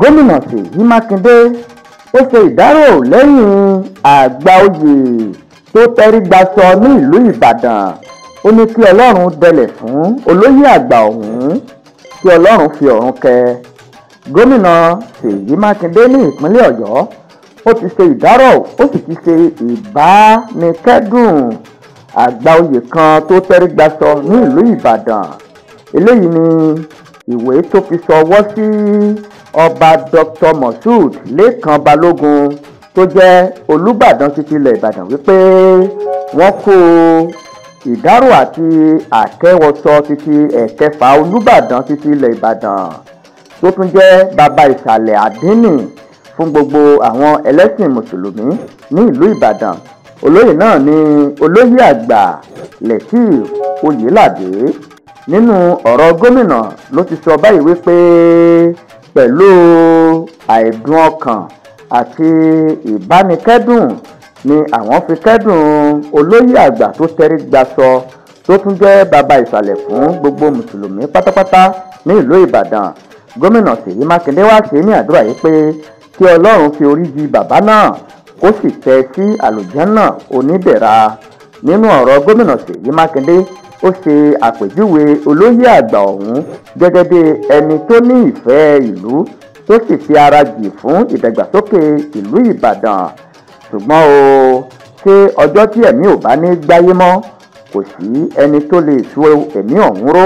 gómìnà ṣèyí mákindé tó ṣe ìdárò lẹ́yìn àgbà oyè tó tẹrí gbaṣọ ní ìlú ìbàdàn ó ní kí ọlọ́run dẹlẹ̀ fún olóyè àgbà ọ̀hún kí ọlọ́run fi ọ̀run kẹ gómìnà ṣèyí mákindé ní ìpínlẹ̀ ọ̀yọ́ ó ti ṣe ìdárò ó sì ti ṣe ìbánikẹ́dùn àgbà oyè kan tó tẹrí gbaṣọ ní ìlú ìbàdàn eléyìí ni ìwé tó fi sọwọ́ sí. Si ọba dr moshood lẹ́kan balógun tó jẹ́ olùbàdàn títí ilẹ̀ ìbàdàn wípé wọ́n kó ìdárò àti àkẹ́wọṣọ títí ẹ̀kẹfà olùbàdàn títí ilẹ̀ ìbàdàn tó tún jẹ́ bàbá ìsàlẹ̀ àdínì fún gbogbo àwọn ẹlẹ́sìn mùsùlùmí ní ìlú ìbàdàn olóyè náà ni olóyè àgbà lẹ́kìr oyèládé nínú ọ̀rọ̀ gómìnà ló ti sọ báyìí wípé pẹ̀lú àìdùn ọkàn àti ìbánikẹ́dùn ni àwọn fi kẹ́dùn olóyè àgbà tó tẹrí gbaṣọ tó tún jẹ́ bàbá ìsàlẹ̀ fún gbogbo mùsùlùmí pátápátá ní ìlú ìbàdàn gómìnà ṣèyí mákindé wá ṣe ní àdúrà yìí pé kí ọlọ́run fi orí jì bàbá náà kó sì tẹ́ sí àlùjànnà onídẹ̀ra nínú ọ̀rọ̀ gómìnà ṣèyí mákindé ó ṣe àpèjúwe olóyè àgbà ọ̀hún gẹ́gẹ́ bí ẹni tó ní ìfẹ́ ìlú tó sì fi ara jì fún ìdàgbàsókè ìlú ìbàdàn ṣùgbọ́n o ṣé ọjọ́ tí ẹ̀mí ò bá ní gbáyé mọ́ kò sí ẹni tó lè so ẹ̀mí ọ̀hún ró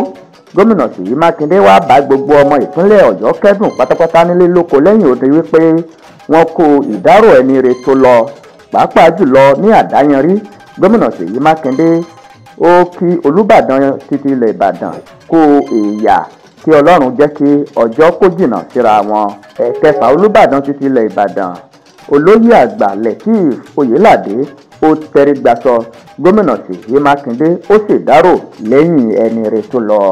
gómìnà ṣèyí mákindé wàá bá gbogbo ọmọ ìpínlẹ̀ ọ̀yọ́ kẹ́dùn pátápátá nílé lóko lẹ́yìn òde wípé wọ́n kó ìdárò ẹni re tó lọ pàápàá jùlọ ní àdáyanrí gómìnà ṣèyí mákindé ó kí olùbàdàn títí ilẹ̀ ìbàdàn kó èèyà kí ọlọ́run jẹ́ kí ọjọ́ kó jìnnà síra wọn ẹ̀kẹfà olùbàdàn títí ilẹ̀ ìbàdàn olóyè àgbà lateef oyèládé ó tẹrígbàsọ gómìnà ṣèyí mákindé ó ṣèdárò lẹ́yìn ẹni rẹ̀ tó lọ.